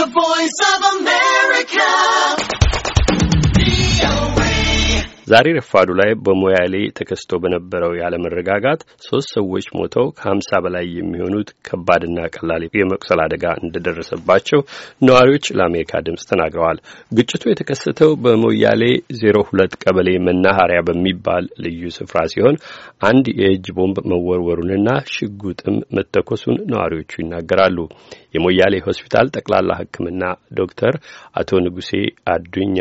The Voice of man. ዛሬ ረፋዱ ላይ በሞያሌ ተከስቶ በነበረው ያለመረጋጋት ሶስት ሰዎች ሞተው ከሀምሳ በላይ የሚሆኑት ከባድና ቀላል የመቁሰል አደጋ እንደደረሰባቸው ነዋሪዎች ለአሜሪካ ድምፅ ተናግረዋል። ግጭቱ የተከሰተው በሞያሌ ዜሮ ሁለት ቀበሌ መናኸሪያ በሚባል ልዩ ስፍራ ሲሆን አንድ የእጅ ቦምብ መወርወሩንና ሽጉጥም መተኮሱን ነዋሪዎቹ ይናገራሉ። የሞያሌ ሆስፒታል ጠቅላላ ሕክምና ዶክተር አቶ ንጉሴ አዱኛ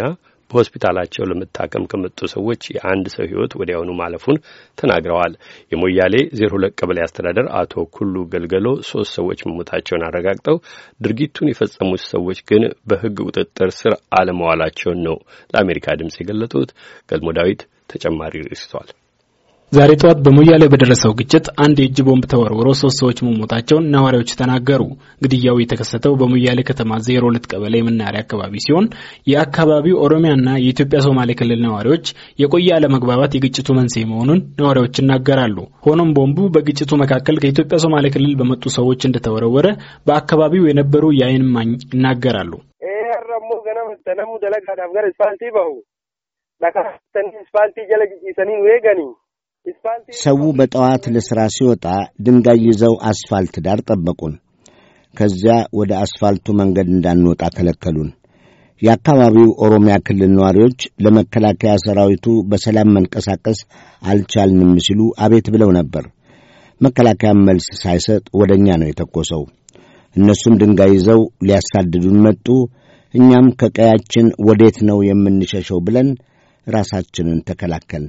በሆስፒታላቸው ለመታከም ከመጡ ሰዎች የአንድ ሰው ህይወት ወዲያውኑ ማለፉን ተናግረዋል። የሞያሌ ዜሮ ሁለት ቀበሌ አስተዳደር አቶ ኩሉ ገልገሎ ሶስት ሰዎች መሞታቸውን አረጋግጠው ድርጊቱን የፈጸሙት ሰዎች ግን በህግ ቁጥጥር ስር አለመዋላቸውን ነው ለአሜሪካ ድምጽ የገለጡት። ገልሞ ዳዊት ተጨማሪ ርዕስ ይዟል። ዛሬ ጠዋት በሞያሌ በደረሰው ግጭት አንድ የእጅ ቦምብ ተወርውሮ ሶስት ሰዎች መሞታቸውን ነዋሪዎች ተናገሩ። ግድያው የተከሰተው በሞያሌ ከተማ ዜሮ ሁለት ቀበሌ መናኸሪያ አካባቢ ሲሆን የአካባቢው ኦሮሚያና የኢትዮጵያ ሶማሌ ክልል ነዋሪዎች የቆየ አለመግባባት የግጭቱ መንስኤ መሆኑን ነዋሪዎች ይናገራሉ። ሆኖም ቦምቡ በግጭቱ መካከል ከኢትዮጵያ ሶማሌ ክልል በመጡ ሰዎች እንደተወረወረ በአካባቢው የነበሩ የአይን እማኝ ይናገራሉ። ገና ሰው በጠዋት ለሥራ ሲወጣ ድንጋይ ይዘው አስፋልት ዳር ጠበቁን። ከዚያ ወደ አስፋልቱ መንገድ እንዳንወጣ ከለከሉን። የአካባቢው ኦሮሚያ ክልል ነዋሪዎች ለመከላከያ ሰራዊቱ በሰላም መንቀሳቀስ አልቻልንም ሲሉ አቤት ብለው ነበር። መከላከያም መልስ ሳይሰጥ ወደ እኛ ነው የተኮሰው። እነሱም ድንጋይ ይዘው ሊያሳድዱን መጡ። እኛም ከቀያችን ወዴት ነው የምንሸሸው ብለን ራሳችንን ተከላከልን።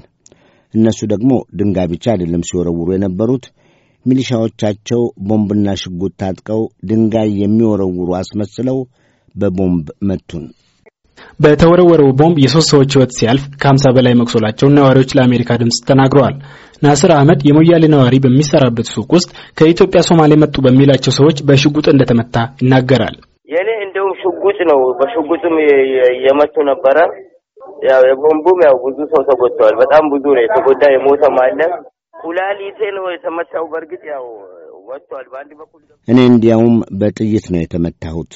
እነሱ ደግሞ ድንጋይ ብቻ አይደለም ሲወረውሩ የነበሩት ሚሊሻዎቻቸው ቦምብና ሽጉጥ ታጥቀው ድንጋይ የሚወረውሩ አስመስለው በቦምብ መቱን። በተወረወረው ቦምብ የሶስት ሰዎች ህይወት ሲያልፍ ከሀምሳ በላይ መቁሰላቸውን ነዋሪዎች ለአሜሪካ ድምፅ ተናግረዋል። ናስር አህመድ የሞያሌ ነዋሪ በሚሰራበት ሱቅ ውስጥ ከኢትዮጵያ ሶማሌ መጡ በሚላቸው ሰዎች በሽጉጥ እንደተመታ ይናገራል። የኔ እንደውም ሽጉጥ ነው፣ በሽጉጥም የመቱ ነበረ ያው የቦምቡም ያው ብዙ ሰው ተጎድተዋል። በጣም ብዙ ነው የተጎዳ የሞተም አለ። ኩላሊቴ ነው የተመታው። በእርግጥ ያው ወጥቷል በአንድ በኩል። እኔ እንዲያውም በጥይት ነው የተመታሁት።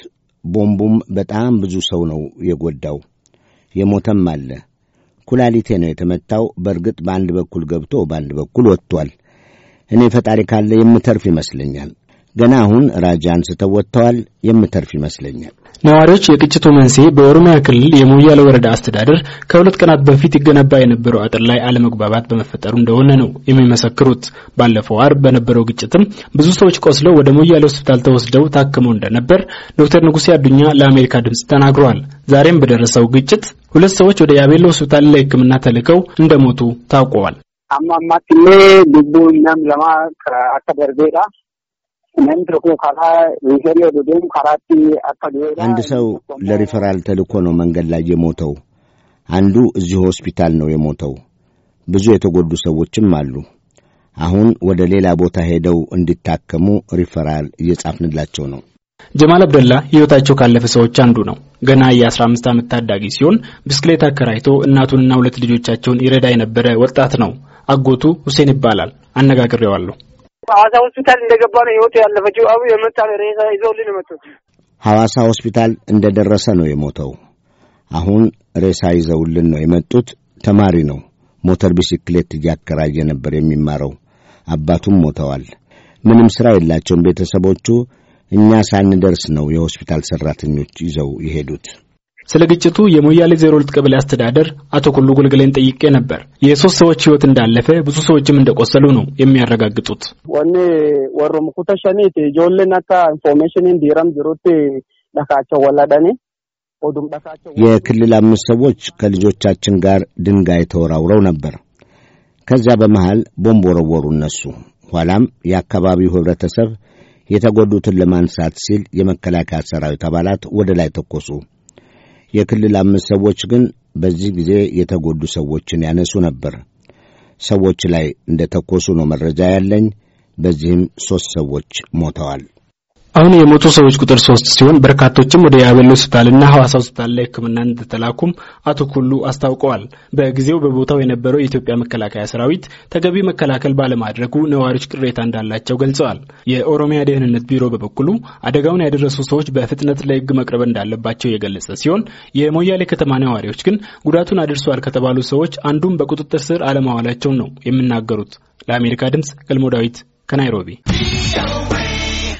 ቦምቡም በጣም ብዙ ሰው ነው የጎዳው፣ የሞተም አለ። ኩላሊቴ ነው የተመታው። በእርግጥ በአንድ በኩል ገብቶ በአንድ በኩል ወጥቷል። እኔ ፈጣሪ ካለ የምተርፍ ይመስለኛል። ገና አሁን ራጃ አንስተው ወጥተዋል። የምተርፍ ይመስለኛል። ነዋሪዎች የግጭቱ መንስኤ በኦሮሚያ ክልል የሞያሌ ወረዳ አስተዳደር ከሁለት ቀናት በፊት ይገነባ የነበረው አጥር ላይ አለመግባባት በመፈጠሩ እንደሆነ ነው የሚመሰክሩት። ባለፈው አርብ በነበረው ግጭትም ብዙ ሰዎች ቆስለው ወደ ሞያሌ ሆስፒታል ተወስደው ታክመው እንደነበር ዶክተር ንጉሴ አዱኛ ለአሜሪካ ድምፅ ተናግረዋል። ዛሬም በደረሰው ግጭት ሁለት ሰዎች ወደ ያቤሎ ሆስፒታል ለሕክምና ተልከው እንደሞቱ ታውቀዋል። አማማትሌ ልቡ እኛም ለማ አከበርቤዳ አንድ ሰው ለሪፈራል ተልኮ ነው መንገድ ላይ የሞተው። አንዱ እዚሁ ሆስፒታል ነው የሞተው። ብዙ የተጎዱ ሰዎችም አሉ። አሁን ወደ ሌላ ቦታ ሄደው እንዲታከሙ ሪፈራል እየጻፍንላቸው ነው። ጀማል አብደላ ሕይወታቸው ካለፈ ሰዎች አንዱ ነው። ገና የ15 ዓመት ታዳጊ ሲሆን ብስክሌት አከራይቶ እናቱንና ሁለት ልጆቻቸውን ይረዳ የነበረ ወጣት ነው። አጎቱ ሁሴን ይባላል። አነጋግሬዋለሁ። ሐዋሳ ሆስፒታል እንደገባ ነው ህይወቱ ያለፈችው። አቡ የመጣ ሬሳ ይዘውልን የመጡት ሐዋሳ ሆስፒታል እንደደረሰ ነው የሞተው። አሁን ሬሳ ይዘውልን ነው የመጡት። ተማሪ ነው። ሞተር ቢሲክሌት እያከራየ ነበር የሚማረው። አባቱም ሞተዋል። ምንም ሥራ የላቸውም ቤተሰቦቹ። እኛ ሳንደርስ ነው የሆስፒታል ሠራተኞች ይዘው የሄዱት። ስለ ግጭቱ የሞያሌ ዜሮ ሁለት ቀበሌ አስተዳደር አቶ ኩሉ ጉልግሌን ጠይቄ ነበር። የሶስት ሰዎች ህይወት እንዳለፈ ብዙ ሰዎችም እንደቆሰሉ ነው የሚያረጋግጡት። ወኔ ወሮም ኩተሸኒ ጆሌን አካ ኢንፎርሜሽንን ዲረም ጅሩት ለካቸው ወላደኔ የክልል አምስት ሰዎች ከልጆቻችን ጋር ድንጋይ ተወራውረው ነበር። ከዚያ በመሃል ቦምብ ወረወሩ እነሱ። ኋላም የአካባቢው ህብረተሰብ የተጎዱትን ለማንሳት ሲል የመከላከያ ሰራዊት አባላት ወደ ላይ ተኮሱ። የክልል አምስት ሰዎች ግን በዚህ ጊዜ የተጎዱ ሰዎችን ያነሱ ነበር። ሰዎች ላይ እንደ ተኮሱ ነው መረጃ ያለኝ። በዚህም ሦስት ሰዎች ሞተዋል። አሁን የሞቱ ሰዎች ቁጥር ሶስት ሲሆን በርካቶችም ወደ የአበል ሆስፒታልና ሐዋሳ ሆስፒታል ላይ ህክምና እንደተላኩም አቶ ኩሉ አስታውቀዋል። በጊዜው በቦታው የነበረው የኢትዮጵያ መከላከያ ሰራዊት ተገቢ መከላከል ባለማድረጉ ነዋሪዎች ቅሬታ እንዳላቸው ገልጸዋል። የኦሮሚያ ደህንነት ቢሮ በበኩሉ አደጋውን ያደረሱ ሰዎች በፍጥነት ለሕግ መቅረብ እንዳለባቸው የገለጸ ሲሆን የሞያሌ ከተማ ነዋሪዎች ግን ጉዳቱን አድርሰዋል ከተባሉ ሰዎች አንዱም በቁጥጥር ስር አለማዋላቸውን ነው የሚናገሩት። ለአሜሪካ ድምፅ ገልሞ ዳዊት ከናይሮቢ